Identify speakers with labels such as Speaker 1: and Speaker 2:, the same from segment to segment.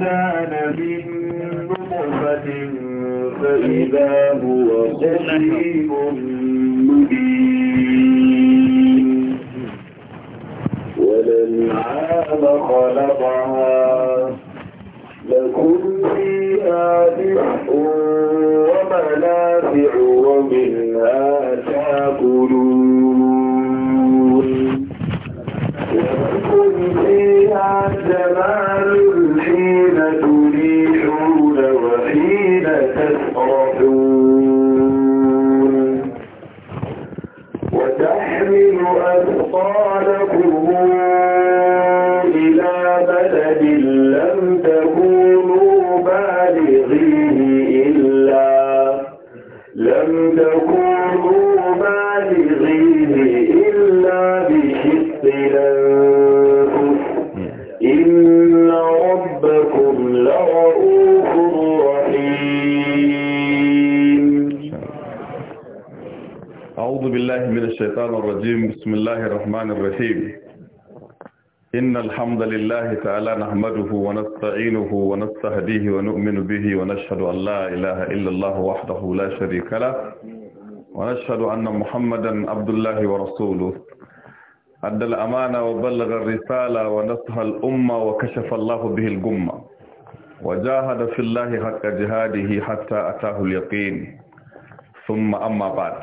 Speaker 1: كان من نطفة فإذا هو خصيب مبين وللعام خلقها لم تكونوا بالغيه إلا لم إن ربكم
Speaker 2: لرؤوف رحيم أعوذ بالله من الشيطان الرجيم بسم الله الرحمن الرحيم إن الحمد لله تعالى نحمده ونستعينه ونستهديه ونؤمن به ونشهد أن لا إله إلا الله وحده لا شريك له ونشهد أن محمدا عبد الله ورسوله أدى الأمانة وبلغ الرسالة ونصح الأمة وكشف الله به الجمة وجاهد في الله حق جهاده حتى أتاه اليقين ثم أما بعد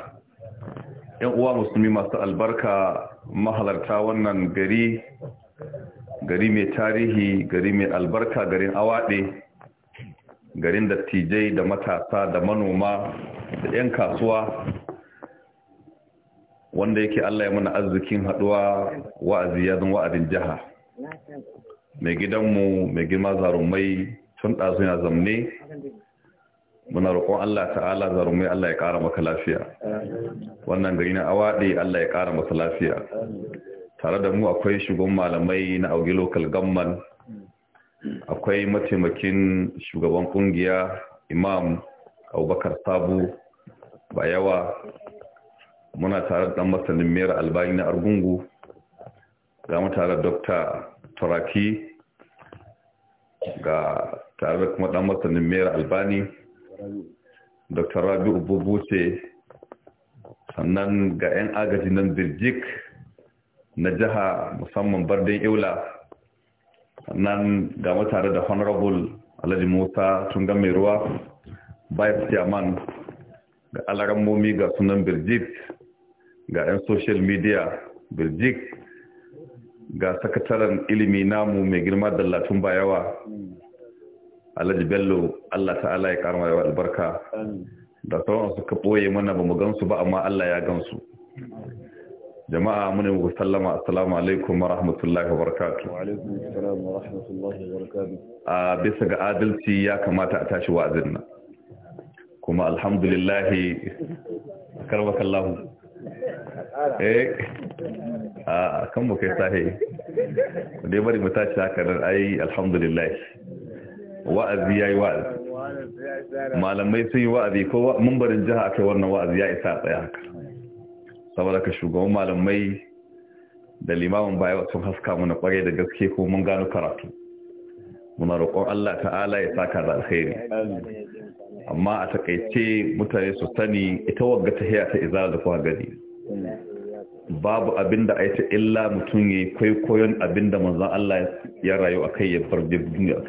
Speaker 2: إن أقوى البركة مهلا تاونا gari gari mai tarihi gari mai albarka garin awaɗe garin dattijai da matasa da manoma da 'yan kasuwa wanda yake Allah ya mana arzikin haɗuwa wa'azi ya zan wa'adin jiha mai gidanmu mai girma zarumai tun ɗazu ya zamne muna roƙon Allah ta'ala zarumai Allah ya ƙara maka lafiya wannan gari na awaɗe Allah ya ƙara masa lafiya tare da mu akwai shugaban malamai na auge local gamman akwai mataimakin shugaban kungiya imam abubakar sabu Bayawa. yawa muna tare da dan masanin mera albani na argungu ga tare da dr turaki ga tare da kuma dan masanin mera albani dr rabi'u bubuce sannan ga 'yan agaji nan birjik na jiha musamman bardin Iula nan ga tare da honorable Alhaji Musa Tunga mai ruwa vice chairman ga momi ga sunan Birgit ga 'yan social media Birgit ga sakataren ilimi namu mai girma da latun bayawa Alhaji Bello Allah ta'ala ya karama yawa albarka da sauransu suka ɓoye mana ba mu gansu ba amma Allah ya gansu jama'a muna yi sallama assalamu alaikum wa rahmatullahi wa barakatu a bisa ga adalci ya kamata a tashi wa'azin nan kuma alhamdulillahi karbakallahu
Speaker 1: eh a kan mu kai sahi
Speaker 2: dai bari mu tashi haka nan ai alhamdulillah wa'azi yayi
Speaker 1: wa'azi
Speaker 2: malamai sun yi wa'azi ko mun barin jiha akai wannan wa'azi ya isa tsaya haka saboda ka shugaban malamai da limamin baya sun haska muna kwarai da gaske ko mun gano karatu muna roƙon Allah ta'ala ya saka da alkhairi amma a takaice mutane su sani ita wagga ta hiya ta izara da kuka gani babu abin da ta illa mutum ya kwaikwayon abin da manzan Allah ya rayu a kai ya bar duniya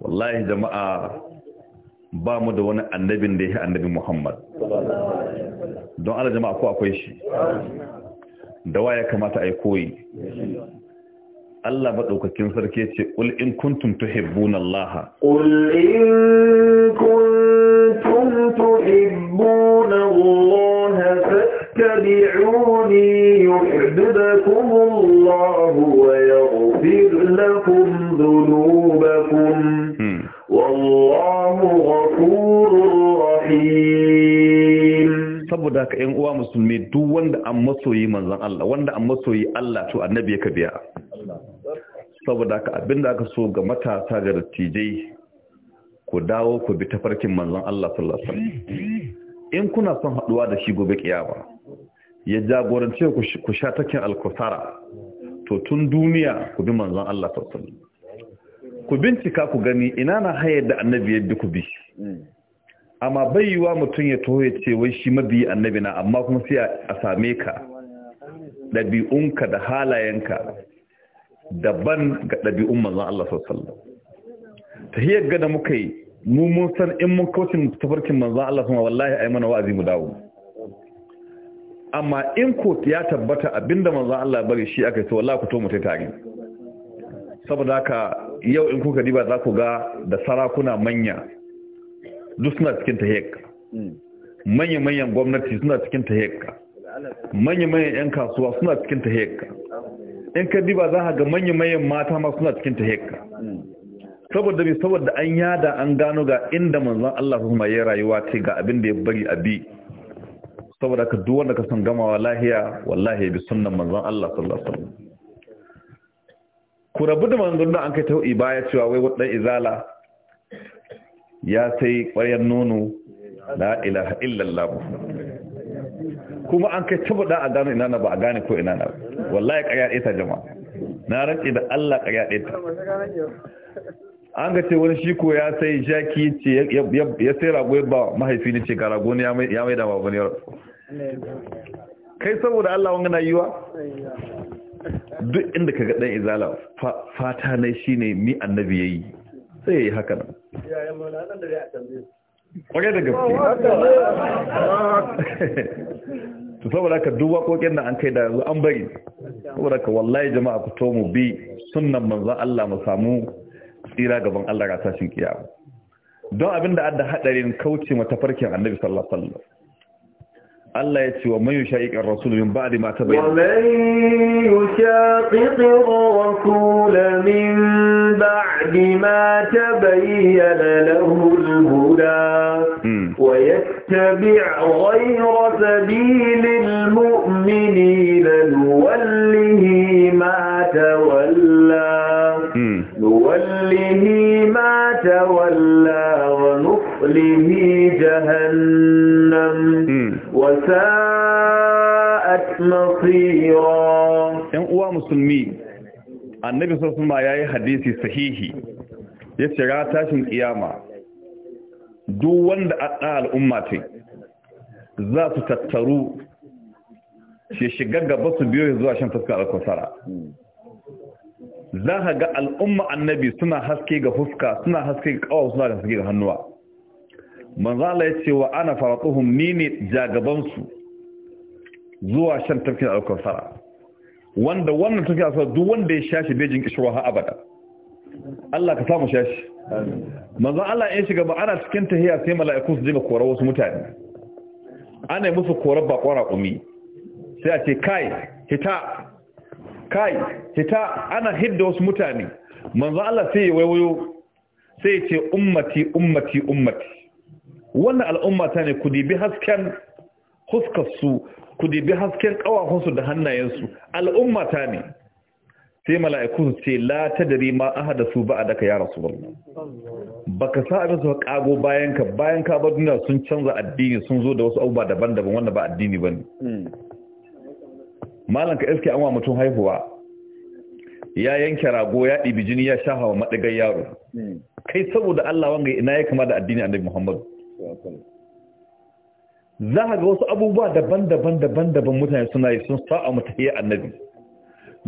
Speaker 2: wallahi jama'a ba mu da wani annabin da ya yi annabi Muhammad. Don ala jama'a ko akwai shi. Da wa ya kamata a yi koyi. Allah maɗaukakin sarki ce, "Ul in kuntum tuhibbuna Allah."
Speaker 1: Ul in kuntum tuhibbuna Allah fattabi'uni yuhibbukum Allah wa yaghfir lakum dhunub
Speaker 2: aka ka ƴan uwa musulmi duk wanda an masoyi manzon Allah wanda an masoyi Allah to annabi ka biya saboda ka abinda aka so ga matasa ga dattijai ku dawo ku bi tafarkin manzon Allah sallallahu alaihi wasallam in kuna son haɗuwa da shi gobe kiyama ya jagorance ku sha takin alkusara to tun duniya ku bi manzon Allah sallallahu alaihi ku bincika ku gani ina na hayar da annabi yadda ku bi amma bai yi wa mutum ya toho ya ce wai shi mabiyi annabi na amma kuma sai a same ka ɗabi'unka da halayenka daban ga ɗabi'un manzon Allah sallallahu tahiyar ga da muka yi mu mun san in mun kauce tafarkin manzon Allah kuma wallahi ai mana wa'azi mu dawo amma in ko ya tabbata abinda manzon Allah bari shi aka ce wallahi ku to mu tai tare saboda haka yau in kuka diba za ku ga da sarakuna manya duk suna cikin tahiyarka hmm. manya-manyan gwamnati suna cikin tahiyarka manya-manyan 'yan kasuwa suna cikin hekka in ka diba za ga manya-manyan mata ma suna cikin hekka hmm. saboda bi saboda an yada an gano ga inda manzon Allah ma ya rayuwa ce ga abin da ya bari a bi saboda ka duk wanda ka san gamawa lahiya wallahi bi sunnan manzon Allah sallallahu alaihi wasallam ku rabu da manzon da an kai tau'i baya cewa wai wadan izala ya sai ƙwayar nono la ilaha illallah kuma an kai taba da a gano ina na ba a gane ko ina na wallahi ƙarya ɗaya ta jama'a na rantsi da Allah ƙarya ɗaya ta an ga ce wani shi ko ya sai jaki ce ya sai rago ya ba mahaifi ne ce ga rago ne ya mai da wani yaro. kai saboda Allah wani na yi wa? duk inda ka ga ɗan izala fata ne mi annabi ya yi. sai yi haka nan kwarai da gaske ka duk waƙoƙin da an kai da yanzu an bari saboda ka wallahi jama'a ku to mu bi sunnan manzan Allah mu samu tsira gaban Allah ga tashin kiyama don abinda adda hadarin kauce mata farkin Annabi sallallahu الله يتي ومن يشاقق الرسول من بعد ما تبين
Speaker 1: ومن يشاقق الرسول من بعد ما تبين له الهدى ويتبع غير سبيل المؤمنين
Speaker 2: annabi sun alaihi ya yi hadisi sahihi ya ce ra tashin kiyama duk wanda a al'umma ce za su tattaru shi shiga gaba su biyo zuwa shan fuskar alkusara za ka ga al'umma annabi suna haske ga fuska suna haske ga kawo suna haske ga hannuwa manzala ya ce wa ana fara ni ne jagabansu zuwa shan tafkin alkusara wanda wannan take asa duk wanda ya shashi jin kishirwa har abada Allah ka samu shashi manzo Allah ya shiga ba ana cikin tahiya sai mala'iku su jima korar wasu mutane ana yi musu korar ba kwara kumi sai a ce kai hita kai hita ana hidda wasu mutane manzo Allah sai ya wayo sai ya ce ummati ummati ummati wannan al'umma ta ne ku dibi hasken huskarsu ku dibi hasken kawafansu da hannayensu al'umma ta ne sai mala'iku su ce la ta dare ma aha da su ba a daka ya rasu ba ka sa abin su kago bayan ka bayan ka bar duniya sun canza addini sun zo da wasu abubuwa daban-daban wanda ba addini ba ne malam ka iske an wa mutum haihuwa ya yanke rago ya ɗibi jini ya sha hawa maɗigar yaro hmm. kai saboda Allah wanga ina ya kama da addini annabi Muhammad za ga wasu abubuwa daban-daban daban-daban mutane suna yi sun sa'a mutahiyar annabi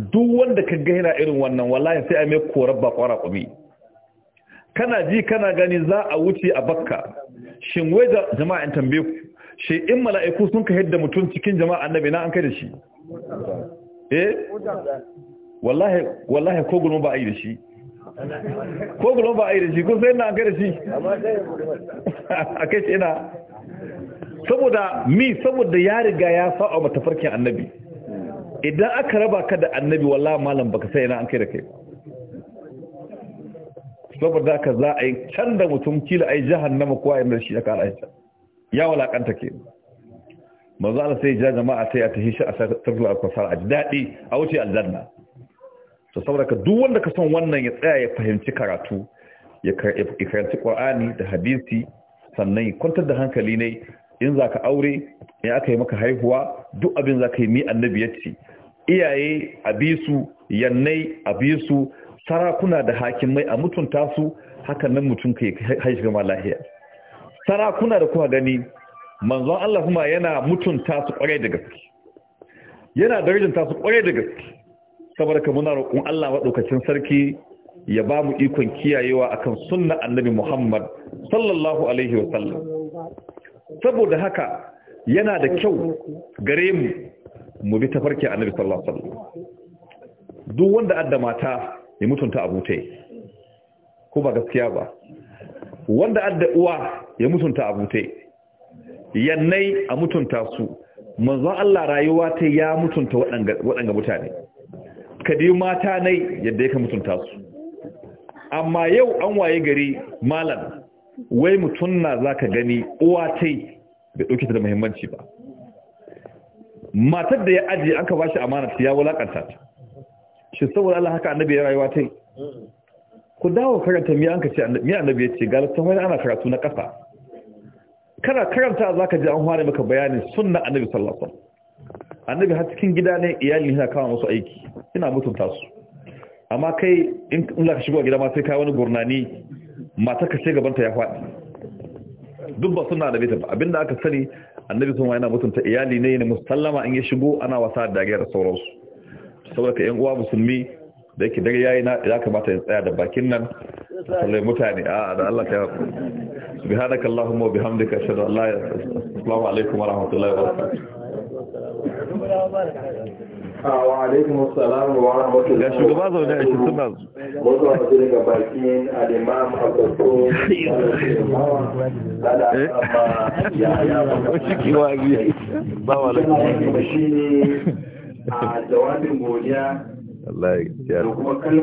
Speaker 2: duk wanda ka ga yana irin wannan wallahi sai a mai korar ba kwara kwami kana ji kana gani za a wuce a bakka shin wai da jama'a in tambaye ku shi in mala'iku sun ka hidda mutum cikin jama'a annabi na an kai da shi eh wallahi wallahi ko gulma ba a yi da shi ko gulma ba a yi da shi ko sai na an kai da shi a kai shi ina saboda mi saboda ya riga ya sa'a matafarkin annabi idan aka raba ka da annabi wallahi malam baka sai ina an kai da kai saboda ka za a yi can da mutum kila a yi jahannama ko a yi shi aka al'aisha ya walakanta ke manzo Allah sai ja jama'a sai a tahi shi a sarfila a kwasar a daɗi a wuce aljanna to saboda ka duk wanda ka son wannan ya tsaya ya fahimci karatu ya karanci qur'ani da hadisi sannan kwantar da hankali ne in za ka aure in aka yi maka haihuwa duk abin za ka yi mi'an annabi ya iyaye a bi su yannai a bi su sarakuna da hakimai a mutunta su hakan nan mutum ka yi haishi gama lahiya sarakuna da kuma gani manzon Allah kuma yana mutunta su kwarai da gaske yana darajanta su kwarai da gaske saboda ka muna roƙon Allah maɗaukacin sarki ya ba mu ikon kiyayewa akan sunna annabi Muhammad sallallahu alaihi wa sallam saboda haka yana da kyau gare mu mu bi tafarki nabi sallallahu alaihi duk wanda adda mata ya mutunta abutai ko ba gaskiya ba wanda adda uwa ya mutunta abutai yannai a mutunta su manzo Allah rayuwa ta ya mutunta waɗanga mutane kadi mata nai yadda yake mutunta su amma yau an waye gari malam wai mutum na za ka gani uwa ta yi bai ɗauki ta da muhimmanci ba matar da ya aji an ka shi amana ta ya wulakanta ta shi saboda Allah haka annabi ya rayuwa ta yi ku dawo karanta miya an ka ce miya annabi ya ce galata wani ana karatu na ƙasa kana karanta za ka ji an hware maka bayanin sunna annabi sallallahu alaihi wasallam annabi har cikin gida ne iyali yana kawo musu aiki ina mutunta su amma kai in za ka shigo a gida ma sai kai wani gurnani mata kashe gabanta ya faɗi duk ba suna da bita ba abinda aka sani annabi sun yana mutunta iyali ne ne musallama in ya shigo ana wasa da dagiyar sauransu saboda ka yan uwa musulmi da yake dare yayi na ya kamata ya tsaya da bakin nan sallai mutane a da Allah ta subhanaka allahumma bihamdika ashhadu an la ilaha illa anta astaghfiruka wa atubu
Speaker 1: ilaik shugaba zaune a suna zu a ga bakin al eh? ya ya a jawabin godiya
Speaker 2: Allah ya